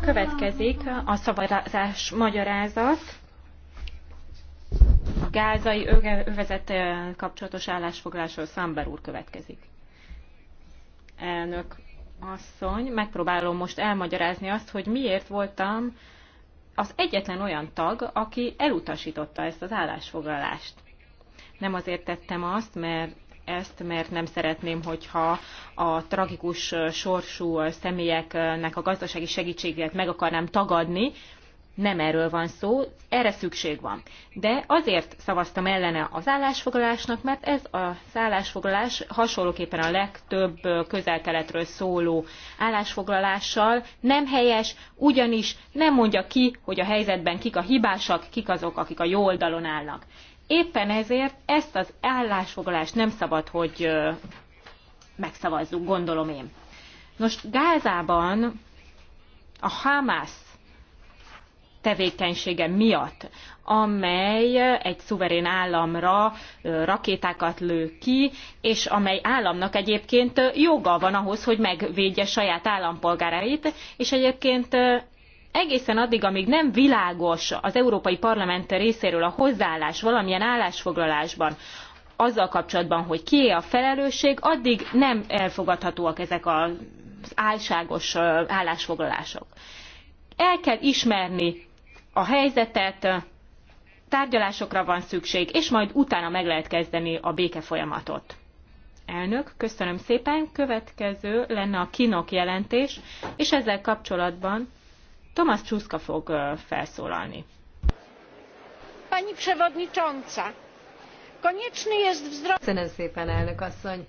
Következik a szavazás magyarázat. A gázai övezet kapcsolatos állásfoglalásról Szamber úr következik. Elnök asszony, megpróbálom most elmagyarázni azt, hogy miért voltam az egyetlen olyan tag, aki elutasította ezt az állásfoglalást. Nem azért tettem azt, mert ezt, mert nem szeretném, hogyha a tragikus sorsú személyeknek a gazdasági segítséget meg akarnám tagadni, nem erről van szó, erre szükség van. De azért szavaztam ellene az állásfoglalásnak, mert ez a állásfoglalás hasonlóképpen a legtöbb közelkeletről szóló állásfoglalással nem helyes, ugyanis nem mondja ki, hogy a helyzetben kik a hibásak, kik azok, akik a jó oldalon állnak. Éppen ezért ezt az állásfoglalást nem szabad, hogy megszavazzuk, gondolom én. Nos, Gázában a Hamász tevékenysége miatt, amely egy szuverén államra rakétákat lő ki, és amely államnak egyébként joga van ahhoz, hogy megvédje saját állampolgárait, és egyébként egészen addig, amíg nem világos az Európai Parlament részéről a hozzáállás valamilyen állásfoglalásban, azzal kapcsolatban, hogy kié a felelősség, addig nem elfogadhatóak ezek az álságos állásfoglalások. El kell ismerni a helyzetet, tárgyalásokra van szükség, és majd utána meg lehet kezdeni a béke folyamatot. Elnök, köszönöm szépen. Következő lenne a kinok jelentés, és ezzel kapcsolatban Tomasz Csuszka fog felszólalni. Pani Przewodnicząca, konieczny jest wzrost... Köszönöm szépen, elnök asszony.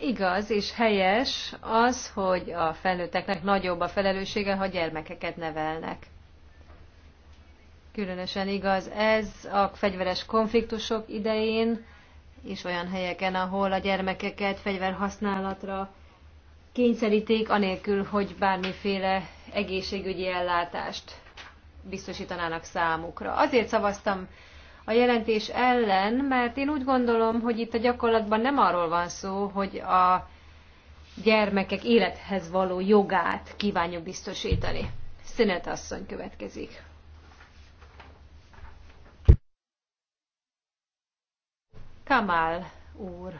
Igaz és helyes az, hogy a felnőtteknek nagyobb a felelőssége, ha gyermekeket nevelnek. Különösen igaz ez a fegyveres konfliktusok idején, és olyan helyeken, ahol a gyermekeket fegyverhasználatra kényszeríték, anélkül, hogy bármiféle egészségügyi ellátást biztosítanának számukra. Azért szavaztam a jelentés ellen, mert én úgy gondolom, hogy itt a gyakorlatban nem arról van szó, hogy a gyermekek élethez való jogát kívánjuk biztosítani. Szünet asszony következik. Kamal úr.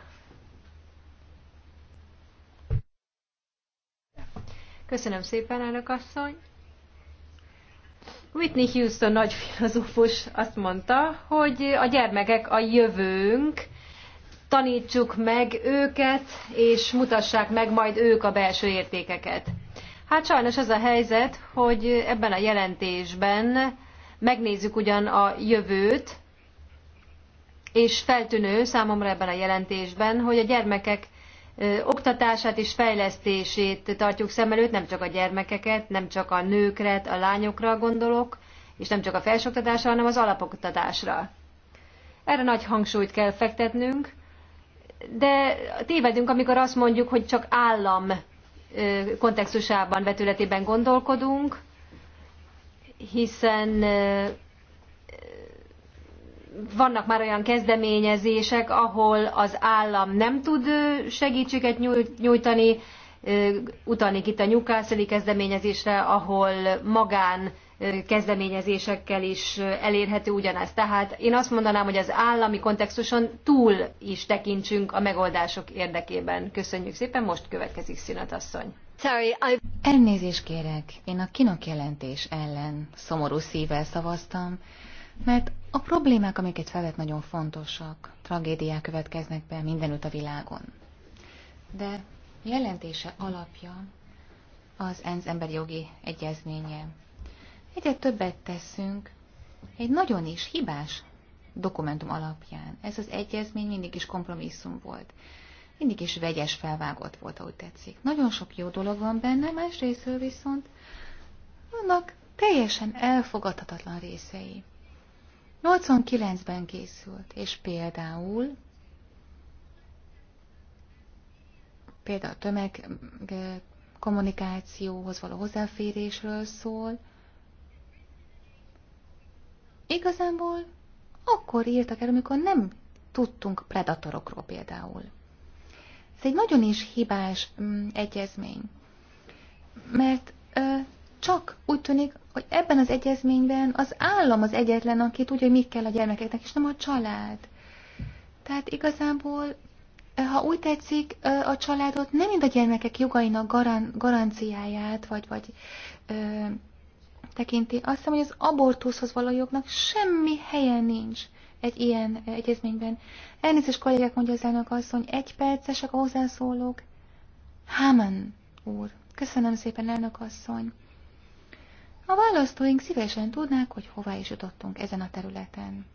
Köszönöm szépen, elnök asszony. Whitney Houston nagy filozófus azt mondta, hogy a gyermekek a jövőnk, tanítsuk meg őket, és mutassák meg majd ők a belső értékeket. Hát sajnos az a helyzet, hogy ebben a jelentésben megnézzük ugyan a jövőt, és feltűnő számomra ebben a jelentésben, hogy a gyermekek oktatását és fejlesztését tartjuk szem előtt, nem csak a gyermekeket, nem csak a nőkre, a lányokra gondolok, és nem csak a felsőoktatásra, hanem az alapoktatásra. Erre nagy hangsúlyt kell fektetnünk, de tévedünk, amikor azt mondjuk, hogy csak állam kontextusában, vetületében gondolkodunk, hiszen vannak már olyan kezdeményezések, ahol az állam nem tud segítséget nyújtani, utalnék itt a newcastle kezdeményezésre, ahol magán kezdeményezésekkel is elérhető ugyanez. Tehát én azt mondanám, hogy az állami kontextuson túl is tekintsünk a megoldások érdekében. Köszönjük szépen, most következik Színat asszony. Sorry, I... Elnézést kérek, én a kinok jelentés ellen szomorú szívvel szavaztam, mert a problémák, amiket felvet, nagyon fontosak. Tragédiák következnek be mindenütt a világon. De jelentése alapja az ENSZ emberi jogi egyezménye. Egyre többet teszünk egy nagyon is hibás dokumentum alapján. Ez az egyezmény mindig is kompromisszum volt. Mindig is vegyes felvágott volt, ahogy tetszik. Nagyon sok jó dolog van benne, másrésztről viszont vannak teljesen elfogadhatatlan részei. 89-ben készült, és például például a tömegkommunikációhoz eh, való hozzáférésről szól. Igazából akkor írtak el, amikor nem tudtunk predatorokról például. Ez egy nagyon is hibás mm, egyezmény, mert ö, eh, csak úgy tűnik, hogy ebben az egyezményben az állam az egyetlen, aki tudja, hogy mit kell a gyermekeknek, és nem a család. Tehát igazából, eh, ha úgy tetszik, eh, a családot nem mind a gyermekek jogainak garan, garanciáját, vagy, vagy ö, eh, tekinti. Azt hiszem, hogy az abortuszhoz való jognak semmi helye nincs egy ilyen egyezményben. Elnézést kollégák, mondja az elnök asszony, egy percesek a hozzászólók. Haman úr. Köszönöm szépen, elnök asszony. A választóink szívesen tudnák, hogy hová is jutottunk ezen a területen.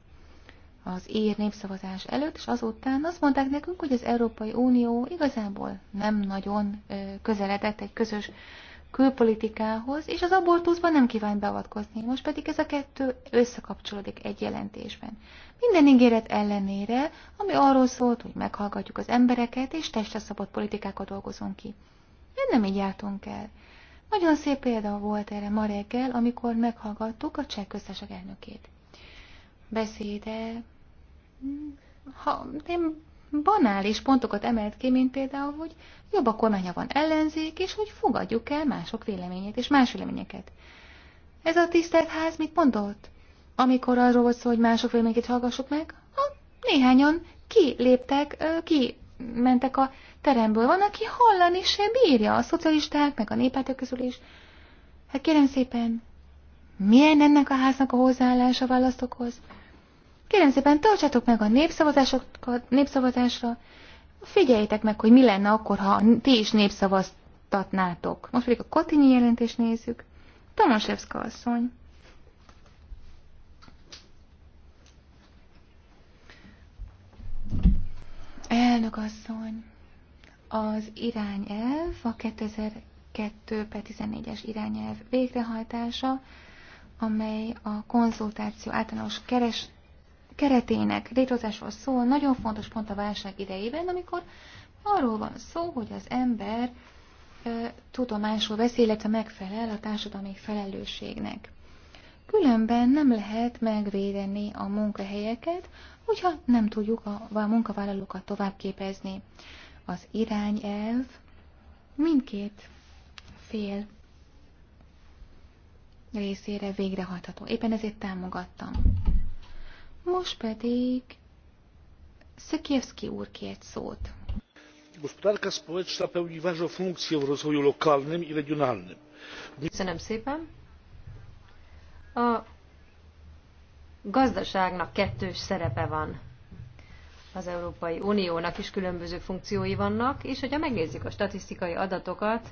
Az ír népszavazás előtt és azután azt mondták nekünk, hogy az Európai Unió igazából nem nagyon közeledett egy közös külpolitikához, és az abortuszban nem kíván beavatkozni. Most pedig ez a kettő összekapcsolódik egy jelentésben. Minden ígéret ellenére, ami arról szólt, hogy meghallgatjuk az embereket, és testre szabott politikákat dolgozunk ki. Én nem így jártunk el. Nagyon szép példa volt erre ma reggel, amikor meghallgattuk a cseh köztesek elnökét. Beszéde, ha én banális pontokat emelt ki, mint például, hogy jobb a kormánya van ellenzék, és hogy fogadjuk el mások véleményét és más véleményeket. Ez a tisztelt ház mit mondott? Amikor arról volt szó, hogy mások véleményét hallgassuk meg, ha néhányan kiléptek, ki mentek a teremből van, aki hallani se bírja, a szocialisták, meg a népátok közül is. Hát kérem szépen, milyen ennek a háznak a hozzáállás a választokhoz? Kérem szépen, tartsátok meg a népszavazásra, figyeljétek meg, hogy mi lenne akkor, ha ti is népszavaztatnátok. Most pedig a Kotinyi jelentést nézzük. Tomaszewska asszony. Elnök asszony. Az irányelv, a 2002 per 14-es irányelv végrehajtása, amely a konzultáció általános keres, keretének létrehozásról szól, nagyon fontos pont a válság idejében, amikor arról van szó, hogy az ember e, tudomásról vesz, illetve megfelel a társadalmi felelősségnek. Különben nem lehet megvédeni a munkahelyeket, hogyha nem tudjuk a, a munkavállalókat továbbképezni az irányelv mindkét fél részére végrehajtható. Éppen ezért támogattam. Most pedig Szekiewski úr kért szót. Gospodárka społeczna pełni ważną funkcję w rozwoju lokalnym i regionalnym. Köszönöm szépen. A gazdaságnak kettős szerepe van az Európai Uniónak is különböző funkciói vannak, és hogyha megnézzük a statisztikai adatokat,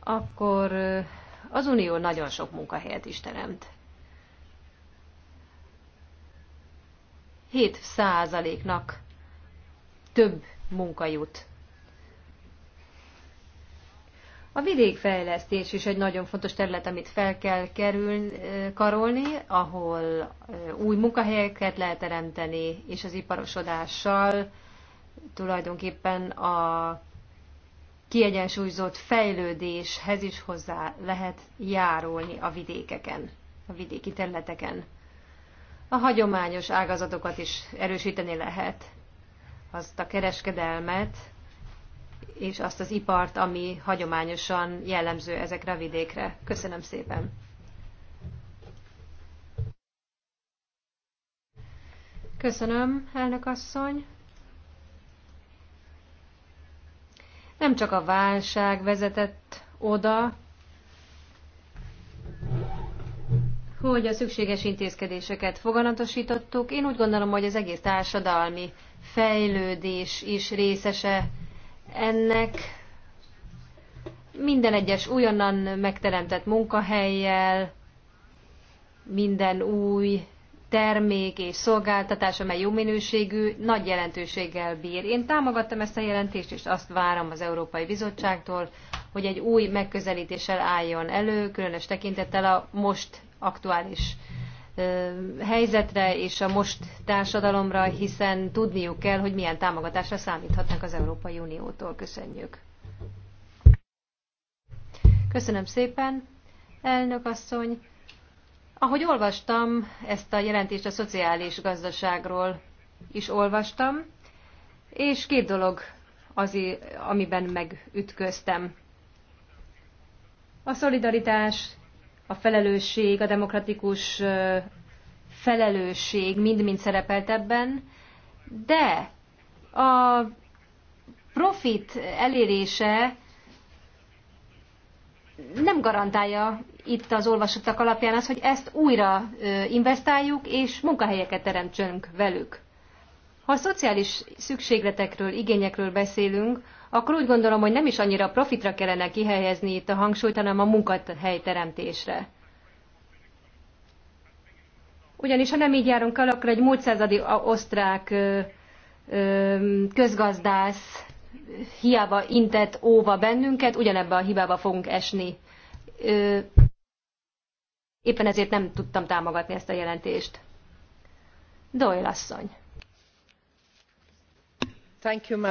akkor az Unió nagyon sok munkahelyet is teremt. 7 százaléknak több munka jut a vidékfejlesztés is egy nagyon fontos terület, amit fel kell kerül, karolni, ahol új munkahelyeket lehet teremteni, és az iparosodással tulajdonképpen a kiegyensúlyozott fejlődéshez is hozzá lehet járulni a vidékeken, a vidéki területeken. A hagyományos ágazatokat is erősíteni lehet, azt a kereskedelmet, és azt az ipart, ami hagyományosan jellemző ezekre a vidékre. Köszönöm szépen! Köszönöm, elnök asszony! Nem csak a válság vezetett oda, hogy a szükséges intézkedéseket foganatosítottuk. Én úgy gondolom, hogy az egész társadalmi fejlődés is részese ennek minden egyes újonnan megteremtett munkahelyjel, minden új termék és szolgáltatás, amely jó minőségű, nagy jelentőséggel bír. Én támogattam ezt a jelentést, és azt várom az Európai Bizottságtól, hogy egy új megközelítéssel álljon elő, különös tekintettel a most aktuális helyzetre és a most társadalomra, hiszen tudniuk kell, hogy milyen támogatásra számíthatnak az Európai Uniótól. Köszönjük. Köszönöm szépen, elnök asszony. Ahogy olvastam ezt a jelentést a szociális gazdaságról, is olvastam, és két dolog az, amiben megütköztem. A szolidaritás a felelősség, a demokratikus felelősség mind-mind szerepelt ebben, de a profit elérése nem garantálja itt az olvasottak alapján az, hogy ezt újra investáljuk és munkahelyeket teremtsünk velük. Ha a szociális szükségletekről, igényekről beszélünk, akkor úgy gondolom, hogy nem is annyira profitra kellene kihelyezni itt a hangsúlyt, hanem a munkahelyteremtésre. Ugyanis, ha nem így járunk el, akkor egy múltszázadi osztrák közgazdász hiába intett óva bennünket, ugyanebbe a hibába fogunk esni. Éppen ezért nem tudtam támogatni ezt a jelentést. Doyle asszony.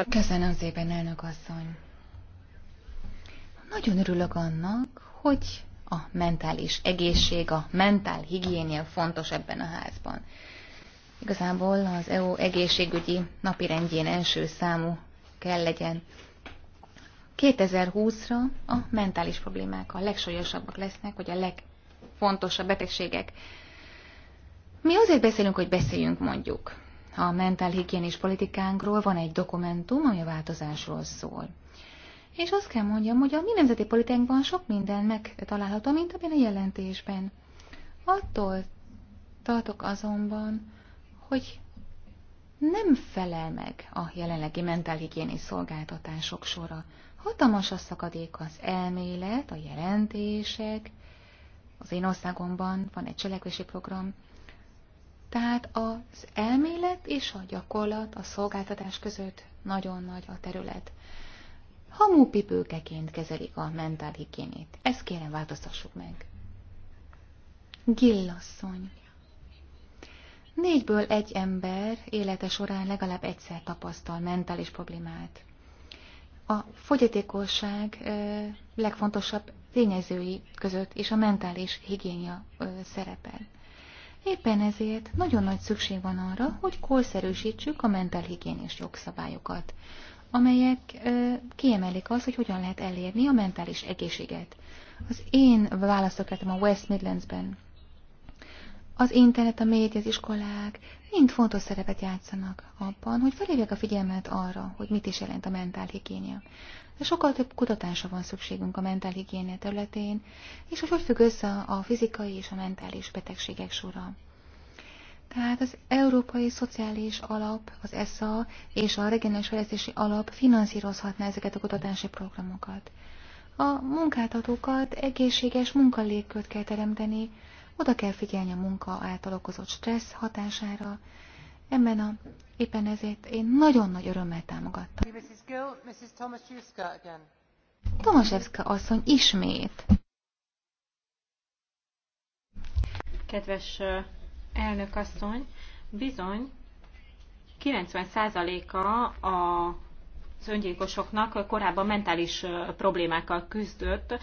Köszönöm szépen, elnök asszony. Nagyon örülök annak, hogy a mentális egészség, a mentál higiénia fontos ebben a házban. Igazából az EU egészségügyi napirendjén első számú kell legyen. 2020-ra a mentális problémák a legsúlyosabbak lesznek, vagy a legfontosabb betegségek. Mi azért beszélünk, hogy beszéljünk mondjuk a mentálhigiénés politikánkról van egy dokumentum, ami a változásról szól. És azt kell mondjam, hogy a mi nemzeti politikánkban sok minden megtalálható, mint abban a jelentésben. Attól tartok azonban, hogy nem felel meg a jelenlegi mentálhigiéni szolgáltatások sora. Hatalmas a szakadék az elmélet, a jelentések. Az én országomban van egy cselekvési program, tehát az elmélet és a gyakorlat, a szolgáltatás között nagyon nagy a terület. Hamupipőkeként kezelik a mentálhigiénét. Ezt kérem változtassuk meg. Gillasszony. Négyből egy ember élete során legalább egyszer tapasztal mentális problémát. A fogyatékosság legfontosabb tényezői között és a mentális higiénia szerepel. Éppen ezért nagyon nagy szükség van arra, hogy korszerűsítsük a mentálhigiénés jogszabályokat, amelyek ö, kiemelik azt, hogy hogyan lehet elérni a mentális egészséget. Az én választok a West Midlandsben. Az internet, a média, az iskolák mind fontos szerepet játszanak abban, hogy felhívják a figyelmet arra, hogy mit is jelent a mentálhigiénia. De sokkal több kutatásra van szükségünk a mentálhigiénia területén, és hogy hogy függ össze a fizikai és a mentális betegségek sora. Tehát az Európai Szociális Alap, az ESA és a Regionális Fejlesztési Alap finanszírozhatná ezeket a kutatási programokat. A munkáltatókat egészséges munkalégkört kell teremteni, oda kell figyelni a munka által okozott stressz hatására. Ebben a, éppen ezért én nagyon nagy örömmel támogattam. Tomaszewska asszony ismét. Kedves elnök asszony, bizony 90%-a a az öngyilkosoknak korábban mentális problémákkal küzdött,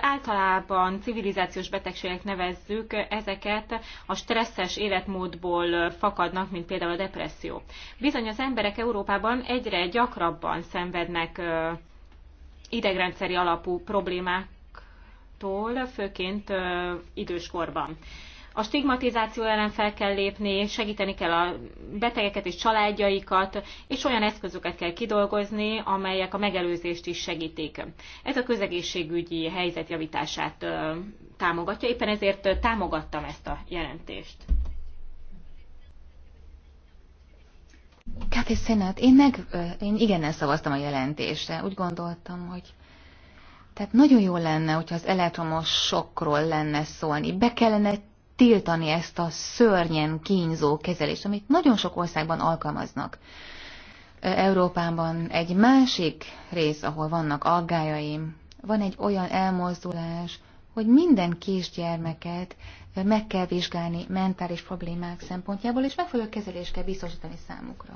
általában civilizációs betegségek nevezzük ezeket, a stresszes életmódból fakadnak, mint például a depresszió. Bizony az emberek Európában egyre gyakrabban szenvednek idegrendszeri alapú problémáktól, főként időskorban. A stigmatizáció ellen fel kell lépni, segíteni kell a betegeket és családjaikat, és olyan eszközöket kell kidolgozni, amelyek a megelőzést is segítik. Ez a közegészségügyi helyzet javítását támogatja, éppen ezért támogattam ezt a jelentést. Káté Szenát, én meg, én igennel szavaztam a jelentésre. Úgy gondoltam, hogy tehát nagyon jó lenne, hogyha az elektromos sokról lenne szólni. Be kellene tiltani ezt a szörnyen kínzó kezelést, amit nagyon sok országban alkalmaznak. Európában egy másik rész, ahol vannak aggájaim, van egy olyan elmozdulás, hogy minden kisgyermeket meg kell vizsgálni mentális problémák szempontjából, és megfelelő kezelést kell biztosítani számukra.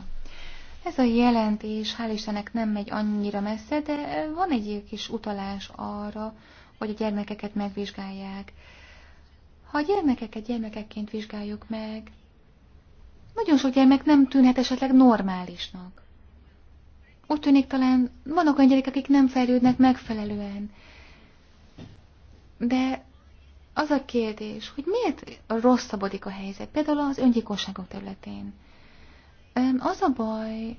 Ez a jelentés, hál' Istennek nem megy annyira messze, de van egy kis utalás arra, hogy a gyermekeket megvizsgálják, ha a gyermekeket gyermekekként vizsgáljuk meg, nagyon sok gyermek nem tűnhet esetleg normálisnak. Úgy tűnik talán vannak olyan gyerekek, akik nem fejlődnek megfelelően. De az a kérdés, hogy miért rosszabbodik a helyzet, például az öngyilkosságok területén. Az a baj,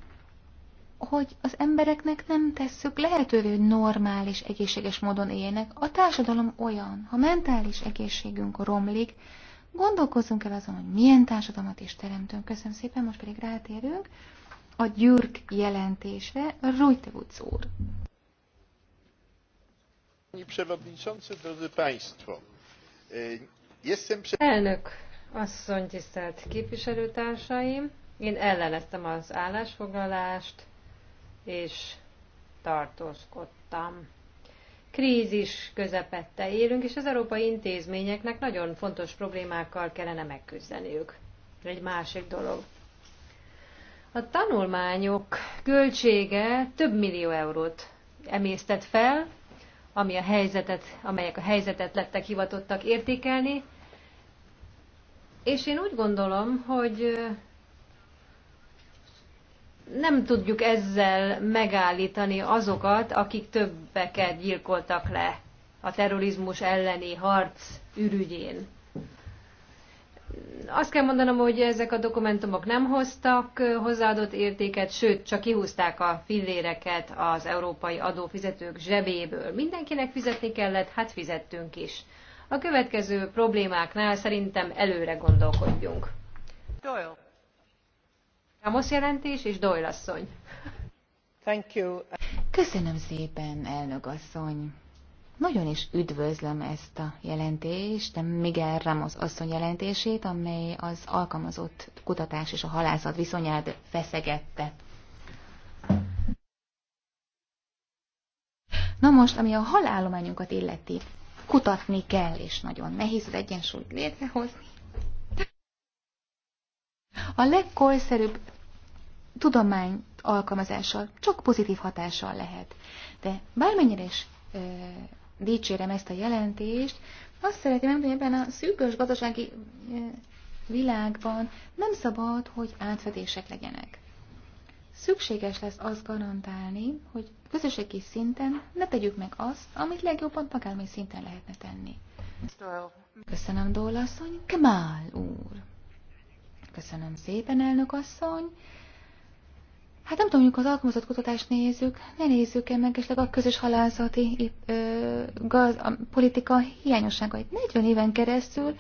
hogy az embereknek nem tesszük lehetővé, hogy normális, egészséges módon éljenek. A társadalom olyan, ha mentális egészségünk romlik, gondolkozzunk el azon, hogy milyen társadalmat is teremtünk. Köszönöm szépen, most pedig rátérünk a Gyürk jelentésre. Rújtevúc úr! E, Elnök asszony, tisztelt képviselőtársaim! Én elleneztem az állásfoglalást, és tartózkodtam. Krízis közepette élünk, és az európai intézményeknek nagyon fontos problémákkal kellene megküzdeniük. Egy másik dolog. A tanulmányok költsége több millió eurót emésztett fel, ami a helyzetet, amelyek a helyzetet lettek hivatottak értékelni, és én úgy gondolom, hogy nem tudjuk ezzel megállítani azokat, akik többeket gyilkoltak le a terrorizmus elleni harc ürügyén. Azt kell mondanom, hogy ezek a dokumentumok nem hoztak hozzáadott értéket, sőt, csak kihúzták a filléreket az európai adófizetők zsebéből. Mindenkinek fizetni kellett, hát fizettünk is. A következő problémáknál szerintem előre gondolkodjunk. Doyle. Ramos jelentés és Doyle asszony. Thank you. Köszönöm szépen, elnök asszony. Nagyon is üdvözlöm ezt a jelentést, de Miguel Ramos asszony jelentését, amely az alkalmazott kutatás és a halászat viszonyát feszegette. Na most, ami a halállományunkat illeti, kutatni kell, és nagyon nehéz az egyensúlyt létrehozni a legkorszerűbb tudomány alkalmazással csak pozitív hatással lehet. De bármennyire is ö, dicsérem ezt a jelentést, azt szeretném mondani, hogy ebben a szűkös gazdasági ö, világban nem szabad, hogy átfedések legyenek. Szükséges lesz azt garantálni, hogy közösségi szinten ne tegyük meg azt, amit legjobban tagállami szinten lehetne tenni. Köszönöm, asszony. Kemál úr! Köszönöm szépen, elnök asszony. Hát nem tudom, az alkalmazott kutatást nézzük, ne nézzük-e meg esetleg a közös halászati ö, gaz, a politika hiányosságait. 40 éven keresztül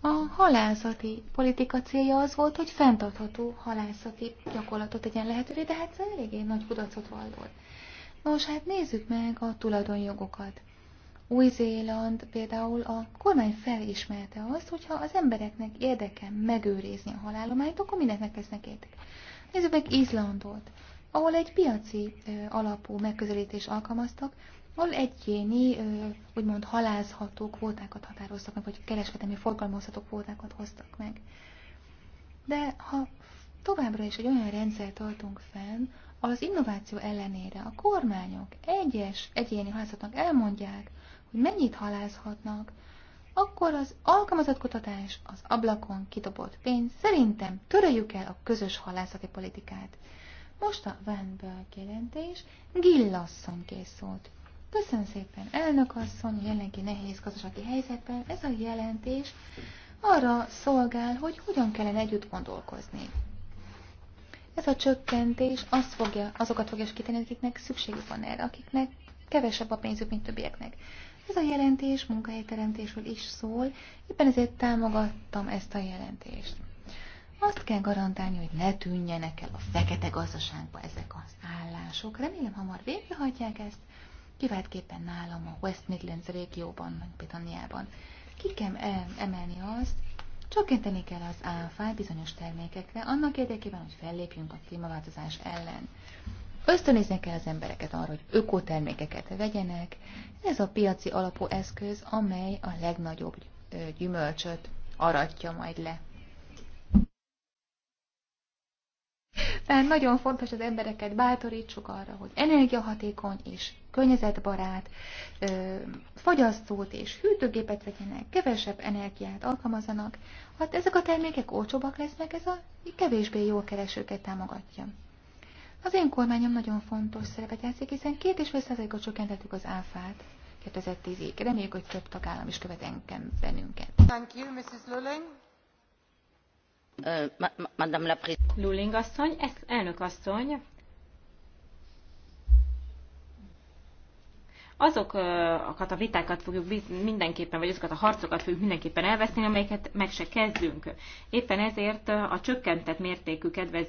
a halászati politika célja az volt, hogy fenntartható halászati gyakorlatot tegyen lehetővé, de hát ez eléggé nagy kudarcot vallott. Nos, hát nézzük meg a tulajdonjogokat. Új-Zéland például a kormány felismerte azt, hogyha az embereknek érdeke megőrizni a halálományt, akkor mindennek lesznek érdek. Nézzük meg Izlandot, ahol egy piaci ö, alapú megközelítés alkalmaztak, ahol egyéni, ö, úgymond halázható kvótákat határoztak meg, vagy kereskedelmi forgalmazható kvótákat hoztak meg. De ha továbbra is egy olyan rendszer tartunk fenn, az innováció ellenére a kormányok egyes egyéni házatnak elmondják, hogy mennyit halászhatnak, akkor az alkalmazott kutatás, az ablakon kidobott pénz, szerintem töröljük el a közös halászati politikát. Most a Van Berg jelentés Gillasszony készült. Köszönöm szépen, elnök asszony, jelenlegi nehéz gazdasági helyzetben ez a jelentés arra szolgál, hogy hogyan kellene együtt gondolkozni. Ez a csökkentés azt fogja, azokat fogja segíteni, akiknek szükségük van erre, akiknek kevesebb a pénzük, mint többieknek. Ez a jelentés munkahelyteremtésről is szól, éppen ezért támogattam ezt a jelentést. Azt kell garantálni, hogy ne tűnjenek el a fekete gazdaságba ezek az állások. Remélem, hamar végrehajtják ezt, kiváltképpen nálam a West Midlands régióban, Britanniában. Ki kell eh, emelni azt, csökkenteni kell az áfát bizonyos termékekre, annak érdekében, hogy fellépjünk a klímaváltozás ellen. Ösztönözni kell az embereket arra, hogy ökotermékeket vegyenek. Ez a piaci alapú eszköz, amely a legnagyobb gyümölcsöt aratja majd le. Tehát nagyon fontos az embereket bátorítsuk arra, hogy energiahatékony és környezetbarát ö, és hűtőgépet vegyenek, kevesebb energiát alkalmazanak. Hát ezek a termékek olcsóbbak lesznek, ez a kevésbé jól keresőket támogatja. Az én kormányom nagyon fontos szerepet játszik, hiszen két és fél százalékot csökkentettük az áfát 2010-ig. Reméljük, hogy több tagállam is követ engem bennünket. Thank you, Mrs. Lulling. Uh, Madame la Luling asszony, elnök asszony, azokat a vitákat fogjuk mindenképpen, vagy azokat a harcokat fogjuk mindenképpen elveszni, amelyeket meg se kezdünk. Éppen ezért a csökkentett mértékű kedvez,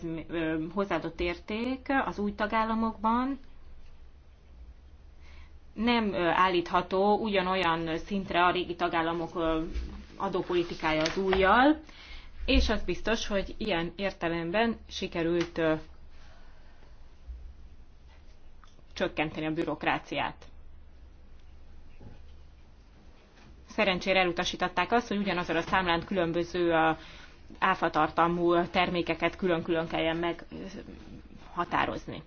hozzáadott érték az új tagállamokban nem állítható ugyanolyan szintre a régi tagállamok adópolitikája az újjal, és az biztos, hogy ilyen értelemben sikerült csökkenteni a bürokráciát. szerencsére elutasították azt, hogy ugyanazon a számlán különböző áfatartalmú termékeket külön-külön kelljen meghatározni.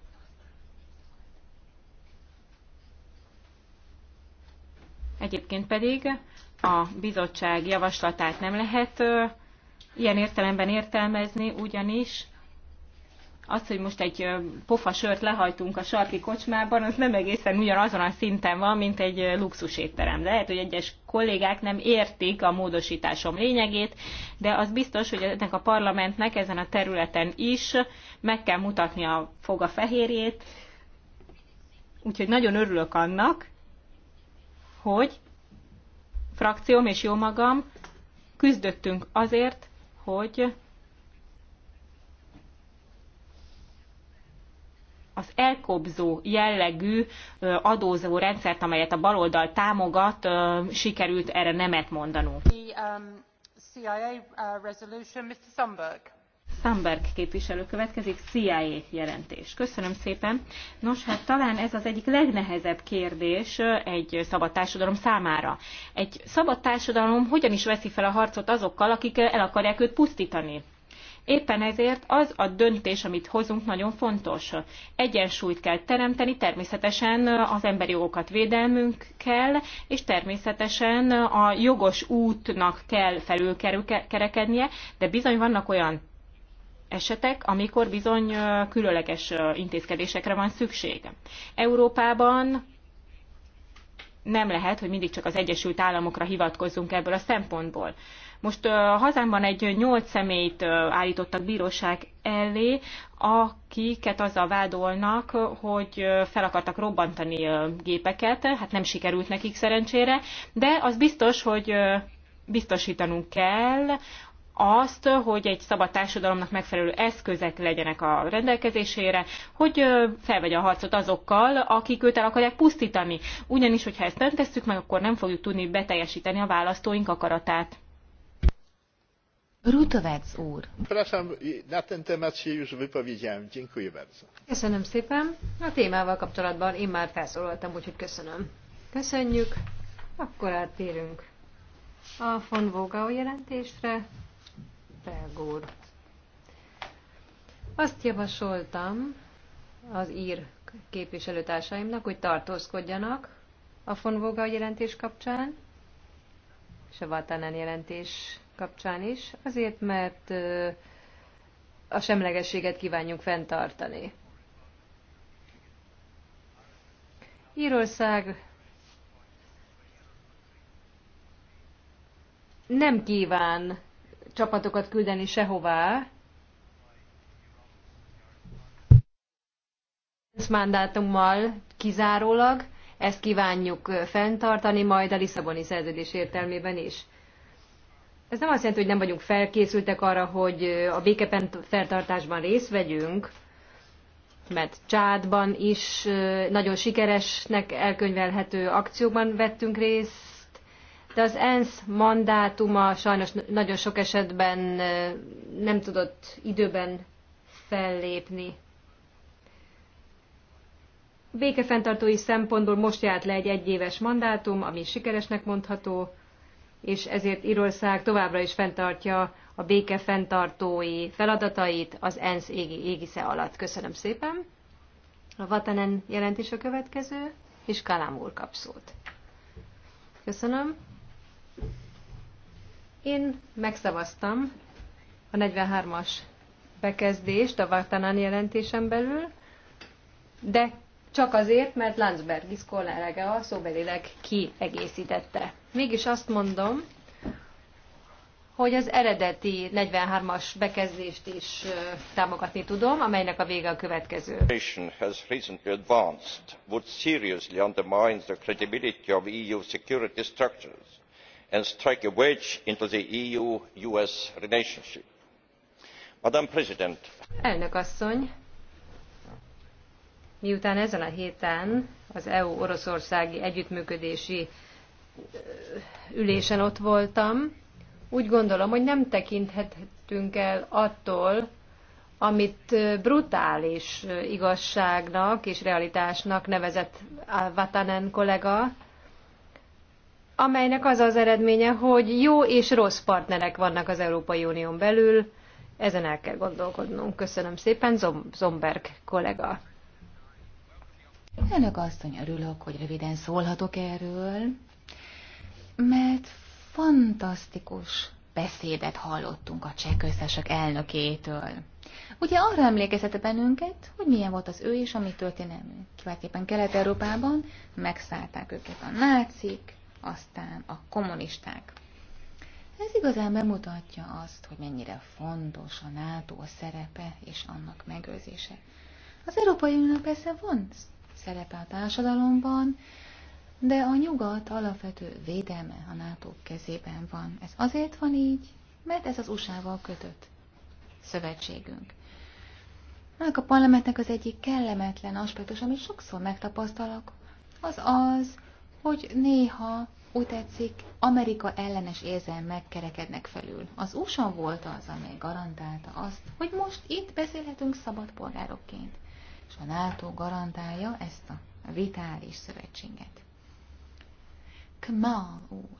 Egyébként pedig a bizottság javaslatát nem lehet ilyen értelemben értelmezni, ugyanis az, hogy most egy pofa sört lehajtunk a sarki kocsmában, az nem egészen ugyanazon a szinten van, mint egy luxus De lehet, hogy egyes kollégák nem értik a módosításom lényegét, de az biztos, hogy ennek a parlamentnek ezen a területen is meg kell mutatni a foga fehérjét. Úgyhogy nagyon örülök annak, hogy frakcióm és jó magam küzdöttünk azért, hogy az elkobzó jellegű adózó rendszert, amelyet a baloldal támogat, sikerült erre nemet mondanunk. Um, CIA uh, resolution, Mr. Sandberg. Sandberg képviselő következik, CIA jelentés. Köszönöm szépen. Nos, hát talán ez az egyik legnehezebb kérdés egy szabad társadalom számára. Egy szabad társadalom hogyan is veszi fel a harcot azokkal, akik el akarják őt pusztítani? Éppen ezért az a döntés, amit hozunk, nagyon fontos. Egyensúlyt kell teremteni, természetesen az emberi jogokat védelmünk kell, és természetesen a jogos útnak kell felülkerekednie, de bizony vannak olyan esetek, amikor bizony különleges intézkedésekre van szükség. Európában nem lehet, hogy mindig csak az Egyesült Államokra hivatkozzunk ebből a szempontból. Most a hazánkban egy nyolc személyt állítottak bíróság elé, akiket azzal vádolnak, hogy fel akartak robbantani gépeket, hát nem sikerült nekik szerencsére, de az biztos, hogy biztosítanunk kell azt, hogy egy szabad társadalomnak megfelelő eszközek legyenek a rendelkezésére, hogy felvegye a harcot azokkal, akik őt el akarják pusztítani. Ugyanis, hogyha ezt nem tesszük meg, akkor nem fogjuk tudni beteljesíteni a választóink akaratát. Rutovec úr. na ten temat się już wypowiedziałem. Dziękuję bardzo. Köszönöm szépen. A témával kapcsolatban én már felszólaltam, úgyhogy köszönöm. Köszönjük. Akkor áttérünk a von Vogau jelentésre. Felgór. Azt javasoltam az ír képviselőtársaimnak, hogy tartózkodjanak a von Vogau jelentés kapcsán, és a Vatanen jelentés kapcsán is, azért mert a semlegességet kívánjuk fenntartani. Írország nem kíván csapatokat küldeni sehová, mandátummal kizárólag, ezt kívánjuk fenntartani majd a Lisszaboni szerződés értelmében is. Ez nem azt jelenti, hogy nem vagyunk felkészültek arra, hogy a békepen feltartásban részt vegyünk, mert Csádban is nagyon sikeresnek elkönyvelhető akciókban vettünk részt, de az ENSZ mandátuma sajnos nagyon sok esetben nem tudott időben fellépni. Békefenntartói szempontból most járt le egy egyéves mandátum, ami sikeresnek mondható, és ezért Írország továbbra is fenntartja a béke fenntartói feladatait az ENSZ égi, égisze alatt. Köszönöm szépen. A Vatanen jelentés a következő, és Kalám úr kap szót. Köszönöm. Én megszavaztam a 43-as bekezdést a Vatanen jelentésen belül, de csak azért, mert Landsbergi kolléga a szóbelileg kiegészítette. Mégis azt mondom, hogy az eredeti 43-as bekezdést is támogatni tudom, amelynek a vége a következő. has recently advanced would seriously undermine the credibility of EU security structures and strike a wedge into the EU-US relationship. Madam President. Elnök asszony, Miután ezen a héten az EU-Oroszországi Együttműködési ülésen ott voltam, úgy gondolom, hogy nem tekinthetünk el attól, amit brutális igazságnak és realitásnak nevezett Vatanen kollega, amelynek az az eredménye, hogy jó és rossz partnerek vannak az Európai Unión belül, ezen el kell gondolkodnunk. Köszönöm szépen, Zomberg kollega. Elnök asszony, örülök, hogy röviden szólhatok erről, mert fantasztikus beszédet hallottunk a cseh köztesek elnökétől. Ugye arra emlékezette bennünket, hogy milyen volt az ő és a mi történelmünk. Kiváltképpen Kelet-Európában megszállták őket a nácik, aztán a kommunisták. Ez igazán bemutatja azt, hogy mennyire fontos a NATO szerepe és annak megőrzése. Az Európai Unió persze van szerepe a társadalomban, de a nyugat alapvető védelme a NATO kezében van. Ez azért van így, mert ez az USA-val kötött szövetségünk. Ennek a parlamentnek az egyik kellemetlen aspektus, amit sokszor megtapasztalok, az az, hogy néha úgy tetszik, Amerika ellenes érzelmek kerekednek felül. Az USA volt az, amely garantálta azt, hogy most itt beszélhetünk szabad polgárokként és a NATO garantálja ezt a vitális szövetséget. Kmal úr.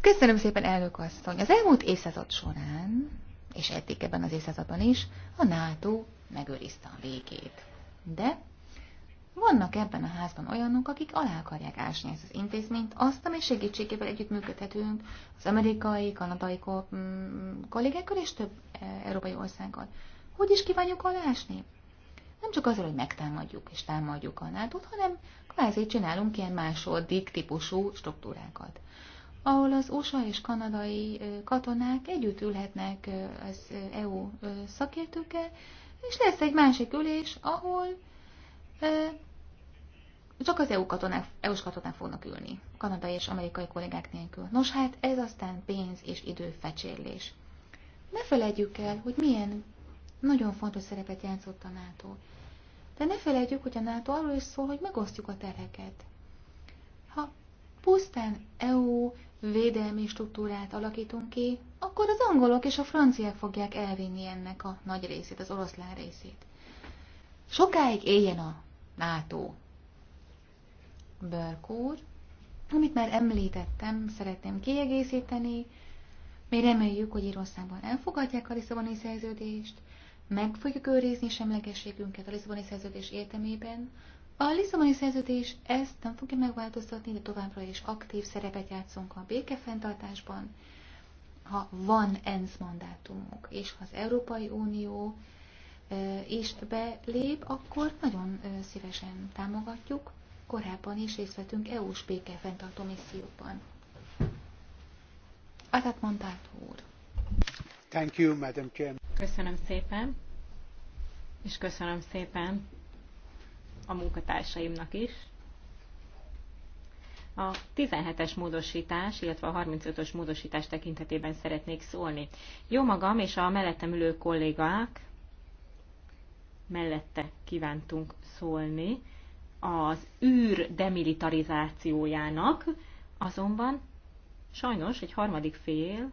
Köszönöm szépen, elnök asszony! Az elmúlt évszázad során, és eddig ebben az évszázadban is, a NATO megőrizte a végét. De vannak ebben a házban olyanok, akik alá akarják ásni ezt az intézményt, azt, ami segítségével együttműködhetünk az amerikai, kanadai kollégákkal és több e, európai országgal. Hogy is kívánjuk alásni? Nem csak azért, hogy megtámadjuk és támadjuk a nato hanem kvázi csinálunk ilyen második típusú struktúrákat, ahol az USA és kanadai katonák együtt ülhetnek az EU szakértőkkel, és lesz egy másik ülés, ahol csak az EU katonák, EU-s katonák fognak ülni, kanadai és amerikai kollégák nélkül. Nos hát ez aztán pénz és idő fecsérlés. Ne felejtjük el, hogy milyen nagyon fontos szerepet játszott a NATO. De ne felejtjük, hogy a NATO arról is szól, hogy megosztjuk a terheket. Ha pusztán EU védelmi struktúrát alakítunk ki, akkor az angolok és a franciák fogják elvinni ennek a nagy részét, az oroszlán részét. Sokáig éljen a NATO, Börk úr. Amit már említettem, szeretném kiegészíteni. Mi reméljük, hogy Írországban elfogadják a Lisszaboni szerződést, meg fogjuk őrizni semlegességünket a Lisszaboni szerződés értelmében. A Lisszaboni szerződés ezt nem fogja megváltoztatni, de továbbra is aktív szerepet játszunk a békefenntartásban, ha van ENSZ mandátumunk, és ha az Európai Unió és belép, akkor nagyon szívesen támogatjuk korábban is részt vettünk EU-s békefenntartó misszióban. Azat Montát úr. Thank you, Madam Chair. Köszönöm szépen, és köszönöm szépen a munkatársaimnak is. A 17-es módosítás, illetve a 35-ös módosítás tekintetében szeretnék szólni. Jó magam és a mellettem ülő kollégák mellette kívántunk szólni, az űr demilitarizációjának, azonban sajnos egy harmadik fél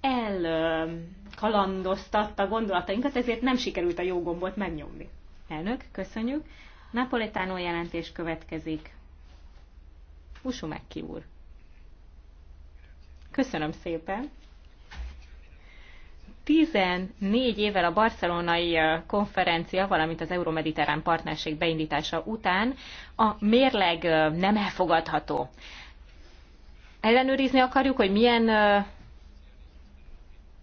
elkalandoztatta gondolatainkat, ezért nem sikerült a jó gombot megnyomni. Elnök, köszönjük. Napolitánó jelentés következik. Usumeki úr. Köszönöm szépen. 14 évvel a barcelonai konferencia, valamint az Euromediterrán partnerség beindítása után a mérleg nem elfogadható. Ellenőrizni akarjuk, hogy milyen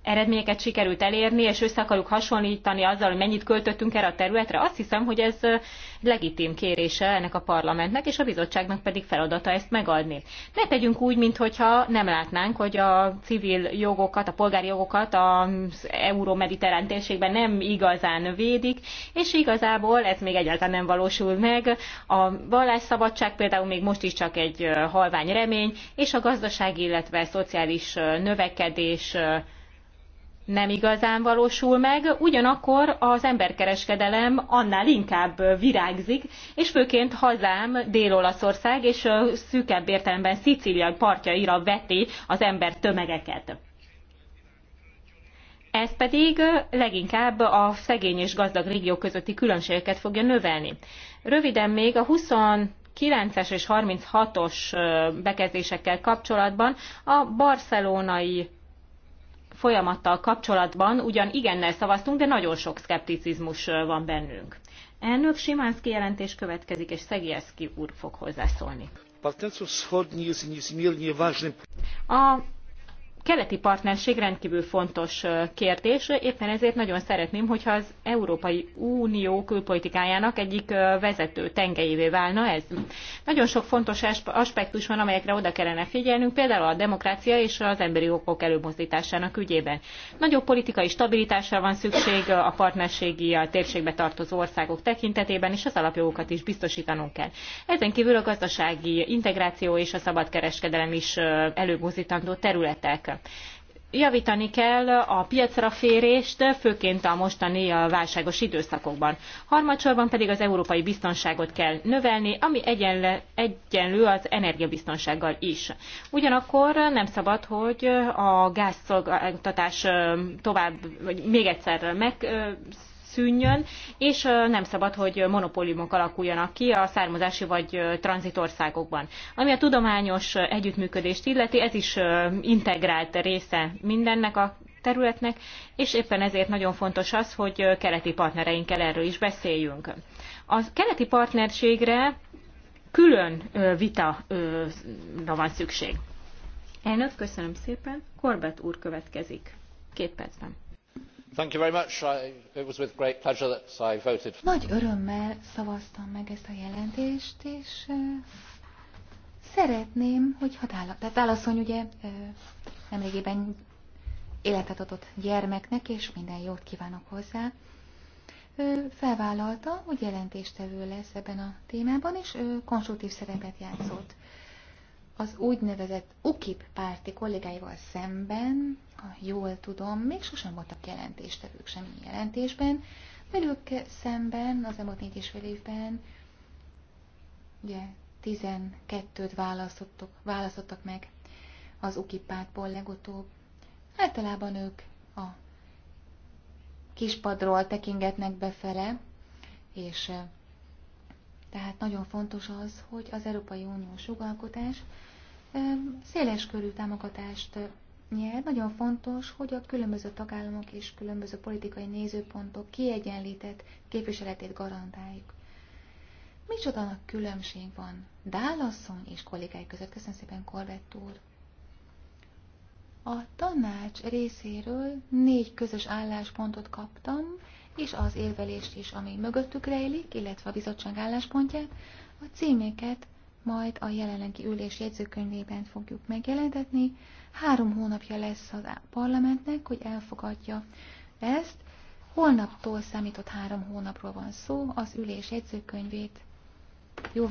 eredményeket sikerült elérni, és össze akarjuk hasonlítani azzal, hogy mennyit költöttünk erre a területre, azt hiszem, hogy ez legitim kérése ennek a parlamentnek, és a bizottságnak pedig feladata ezt megadni. Ne tegyünk úgy, mintha nem látnánk, hogy a civil jogokat, a polgári jogokat az euró-mediterrán térségben nem igazán védik, és igazából ez még egyáltalán nem valósul meg. A vallásszabadság például még most is csak egy halvány remény, és a gazdaság, illetve szociális növekedés nem igazán valósul meg, ugyanakkor az emberkereskedelem annál inkább virágzik, és főként hazám Dél-Olaszország és szűkebb értelemben Szicília partjaira veti az ember tömegeket. Ez pedig leginkább a szegény és gazdag régiók közötti különbségeket fogja növelni. Röviden még a 20 9-es és 36-os bekezdésekkel kapcsolatban a barcelonai folyamattal kapcsolatban ugyan igennel szavaztunk, de nagyon sok szkepticizmus van bennünk. Elnök Simánszki jelentés következik, és Szegieszki úr fog hozzászólni. A keleti partnerség rendkívül fontos kérdés, éppen ezért nagyon szeretném, hogyha az Európai Unió külpolitikájának egyik vezető tengelyévé válna ez. Nagyon sok fontos aspektus van, amelyekre oda kellene figyelnünk, például a demokrácia és az emberi jogok előmozdításának ügyében. Nagyobb politikai stabilitásra van szükség a partnerségi a térségbe tartozó országok tekintetében, és az alapjogokat is biztosítanunk kell. Ezen kívül a gazdasági integráció és a szabadkereskedelem is előmozdítandó területek Javítani kell a piacra férést, főként a mostani a válságos időszakokban. Harmadsorban pedig az európai biztonságot kell növelni, ami egyenle, egyenlő az energiabiztonsággal is. Ugyanakkor nem szabad, hogy a gázszolgáltatás tovább, vagy még egyszer meg szűnjön, és nem szabad, hogy monopóliumok alakuljanak ki a származási vagy tranzitországokban. Ami a tudományos együttműködést illeti, ez is integrált része mindennek a területnek, és éppen ezért nagyon fontos az, hogy keleti partnereinkkel erről is beszéljünk. A keleti partnerségre külön vita van szükség. Elnök, köszönöm szépen. Korbett úr következik. Két percben. Nagy örömmel szavaztam meg ezt a jelentést, és szeretném, hogy ha tála, tehát tálaszony ugye nemrégiben életet adott gyermeknek, és minden jót kívánok hozzá. Ő felvállalta, hogy jelentéstevő lesz ebben a témában, és ő konstruktív szerepet játszott. Az úgynevezett UKIP párti kollégáival szemben jól tudom, még sosem voltak jelentéstevők semmi jelentésben. Velük szemben az elmúlt négy és fél évben ugye 12-t választottak, választottak meg az ukipátból legutóbb. Általában ők a kispadról tekingetnek befele, és tehát nagyon fontos az, hogy az Európai Uniós jogalkotás széles körű támogatást nyer. Nagyon fontos, hogy a különböző tagállamok és különböző politikai nézőpontok kiegyenlített képviseletét garantáljuk. Micsoda a különbség van Dálaszon és kollégái között. Köszönöm szépen, Korvett úr! A tanács részéről négy közös álláspontot kaptam, és az érvelést is, ami mögöttük rejlik, illetve a bizottság álláspontját, a címéket majd a jelenlegi ülés jegyzőkönyvében fogjuk megjelentetni. Három hónapja lesz a parlamentnek, hogy elfogadja ezt. Holnaptól számított három hónapról van szó, az ülés jegyzőkönyvét jóval